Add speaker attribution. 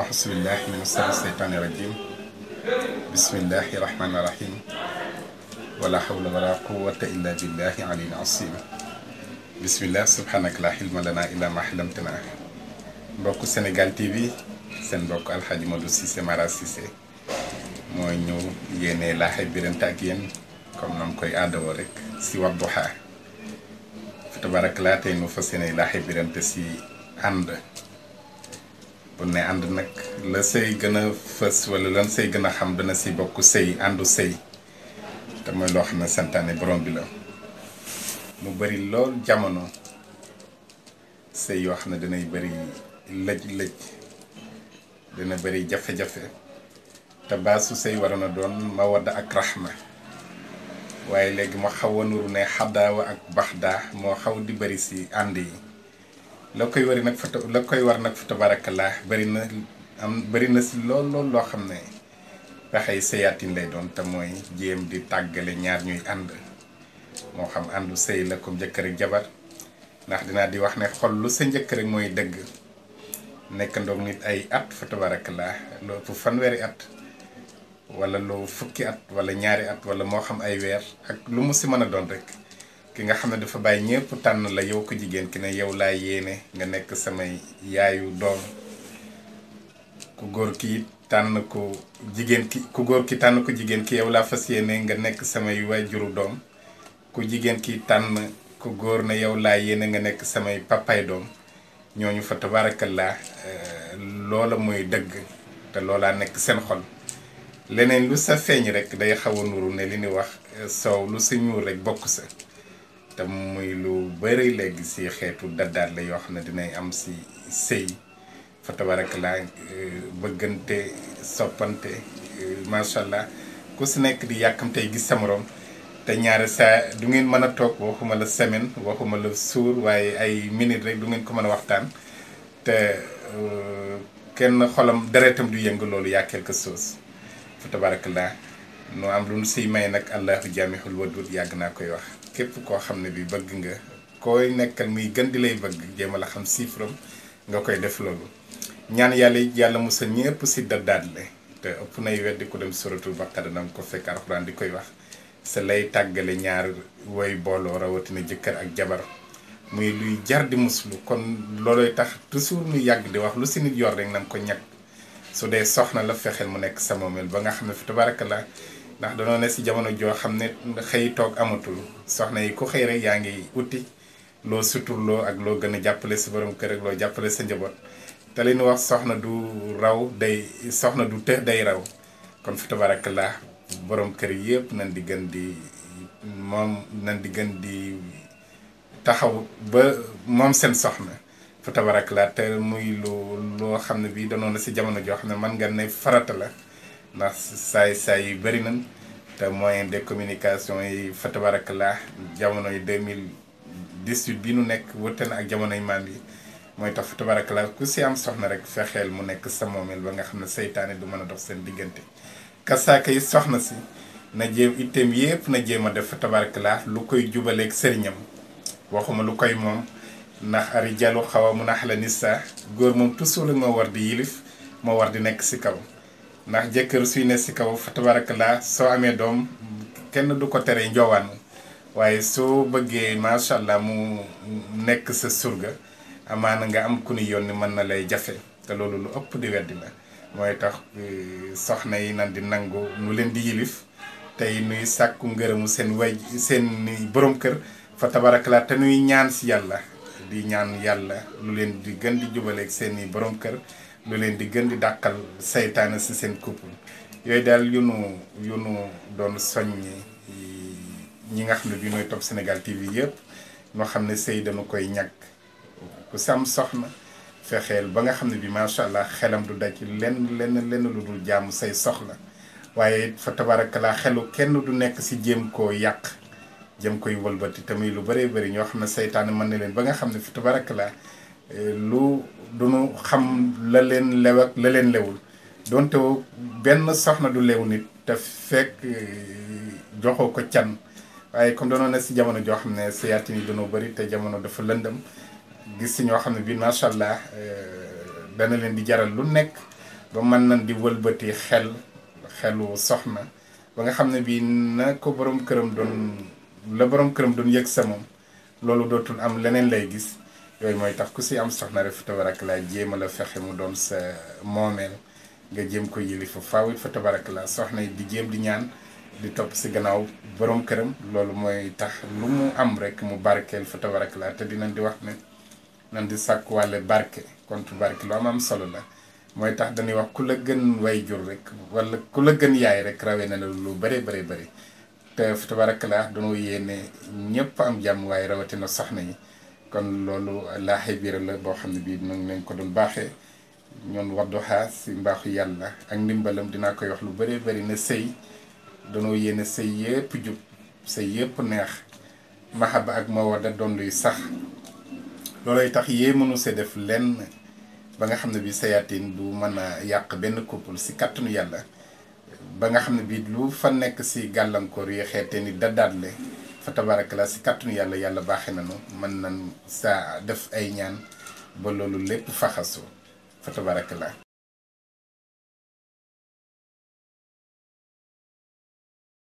Speaker 1: أحس بالله من أستاذ الشيطان الرجيم بسم الله الرحمن الرحيم ولا حول ولا قوة إلا بالله علي العظيم بسم الله سبحانك لا حلم لنا إلا ما حلمتنا بوكو سنغال تي في سن بوكو الحاج مودو سيسي مارا سيسي موي نيو يني لا حي بيرن تاكين كوم نام كوي ادو رك سي وات بوها تبارك الله تاي نو فاسيني لا حي بيرن تسي اند bu ne ànd nag la sëy gën a fës wala lan sëy gën a xam dana si bokk sëy àndu sëy te mooy loo xam ne santaane borom bi la mu bëri lool jamono sëy yoo xam ne danay bëri lëj-lëj dana bëri jafe-jafe te baasu sëy waroon a doon mawadda ak rahma waaye léegi ma xaw a nuru ne xadaawa ak baxdaa moo xaw di bëri si ànd yi la koy wari nag fa la koy war nag fa tabarakallah bëri na am bëri na si lool lool loo xam ne pexey seyaatin lay doon te mooy jéem di tàggale ñaar ñuy ànd moo xam àndu sëy la comme jëkkër jabar ndax dinaa di wax ne xol lu sa njëkk rek mooy dëgg nekkandoog nit ay at fa tabarakallah lu ëpp fanweeri at wala lu fukki at wala ñaari at wala moo xam ay weer ak lu mu si mën a doon rekk ki nga xam ne dafa bàyyi ñëpp tànn la yow ko jigéen ki ne yow laa yéene nga nekk samay yaayu doom ku góor ki tànn ko jigéen ku góor ki tànn ko jigéen ki yow laa fas yéene nga nekk samay waajuru doom ku jigéen ki tànn ku góor ne yow laa yéene nga nekk samay papaay doom ñooñu fa tabaarakallaa euh, loola mooy dëgg te loolaa nekk seen xol leneen lu sa feeñ rek day xaw a nuru ne li ni wax euh, soow lu sa ñuul rek bokk sa te muy lu bëri léegi si xeetu daddaat la yoo xam ne dinay am si sëy fa tabarakalaa euh, bëggante soppante euh, macha allah ku si nekk di yàkkamtey gis sa morom te ñaari saa du ngeen mën a toog waxuma la semaine waxuma la suur waaye ay minute rek du ngeen ko mën a waxtaan te euh, kenn xolam deretam du yëngu loolu yaa quelque chose fa tabarakalaa nu am lu nu siy may nag allahu jaamihul wadud yàgg naa koy wax képp koo xam ne bi bëgg nga koy nekkal muy gën di lay bëgg jéema la xam chiffre am nga koy def loolu ñaan yàlla yàlla musal ñëpp si daddaat le te ëpp nay weddi ku dem suratul baqara danga ko fekk alxuraan di koy wax sa lay tàggale ñaar woy booloo rawatina jëkkër ak jabar muy luy jar di muslu kon looloy tax toujours nu yàgg di wax lu si nit yor rek na ko ñàkk su dee soxna la fexeel mu nekk sama moomeel ba nga xam ne fi tabaraka la ndax danoo ne si jamono joo xam ne xëy toog amatul soxna yi ku xëy rek yaa ngi uti loo loo ak loo gën a jàppale si borom kër ak loo jàppale sa njaboot te li ñu wax soxna du raw day soxna du të day raw kon fi tabarakallah borom kër yëpp nañ di gën di moom nañ di gën di taxaw ba moom seen soxna fa tabarakallah te muy lu loo xam ne bii danoon na si jamono joo xam ne mën nga ne farata la ndax saay saay yu bëri nañ te moyen de communication yi fatabarakallah jamono yi deux mille dix-huit bi nu nekk wute na ak jamonoy maam yi mooy tax fatabarakallah ku si am soxna rek fexeel mu nekk sa moomeel ba nga xam ne seytaane du mën a dox seen diggante kasaaka yi soxna si na jéem itteem yépp na jéem a def fatabarakallah lu koy jubaleeg sëriñam waxuma lu koy moom ndax arijalu xaw a mun a xala nisa góor moom toujours moo war di yilif moo war di nekk si kaw ndax jëkkër suy ne si kaw fa tabarakallah soo amee doom kenn du ko tere njoowaan waaye soo bëggee macha allah mu nekk sa surga amaana nga am ku ni yónni mën na lay jafe te loolu lu ëpp di weddi la mooy tax e, soxna yi nan di nangu nu leen di yilif tey nuy sàkku ngërëmu seen way seen borom kër fa tabarakallah te nuy ñaan si yàlla di ñaan yàlla lu leen di gën di jubaleeg seeni borom kër lu leen di gën di dàqal seytaane si seen couple yooyu daal yu nu yu nu doon soññi ñi nga xam ne bi nooy topp Sénégal TV yëpp ñoo xam ne sey dañu koy ñàkk ku sam soxna fexeel ba nga xam ne bii macha allah xelam du daj lenn lenn lenn lu dul jàmm say soxla waaye fa tabarakalaa xelu kenn du nekk si jéem koo yàq jëm koy wëlbati tamit lu bare bëri ñoo xam ne saytaane mën na leen ba nga xam ne fa tabarakalaa Eh, lu duñu xam la leen lew la leen lewul donte benn soxna du lew nit te fekk eh, joxoo ko can waaye comme danoo ne si jamono joo xam ne sayaatin yi danoo bëri te jamono dafa lëndëm gis si ñoo xam ne bii macha allah eh, dana leen di jaral lu nekk ba mën nañ di wëlbati xel xelu soxna ba nga xam ne bii na ko borom këram doon la borom këram doon yëg sa moom loolu dootul am leneen lay gis. yooyu mooy tax ku si am soxna rek fa tabarakalaa jéem a la fexe mu doon sa moomeel nga jéem ko yilifa faaw it fa tabarakalaa soxna yi di jéem di ñaan di topp si gannaaw borom këram loolu mooy tax lu mu am rek mu barkeel fa tabarakalaa te dinañ di wax ne nan di sàkk wàlle barke kontu barke lu am am solo la mooy tax dañuy wax ku la gën way jur rek walla ku la gën yaay rek rawee na lu bare bare bëri te fa tabarakalaa dañoo yéene ñëpp am jàmm waaye rawatina soxna yi kon loolu laaxe biir la boo xam ne bii ñu ngi leen ko doon baaxee ñoon Wadduha si mbaaxu yàlla ak ndimbalam dinaa koy wax lu bëree bëri na sëy danoo yéene sëy yëpp jub sëy yëpp neex mahaba ak mawadda doon luy sax loolay tax yee mënu see def lenn ba nga xam ne bii sayaatin du mën a yàq benn couple si kàttanu yàlla ba nga xam ne bii lu fa nekk si gàllankoor yi xeete ni daddaat le fa la si kàttanu yàlla yàlla baaxee nañu mën nañ saa def ay ñaan ba loolu lépp faxasoo fa tabaarakala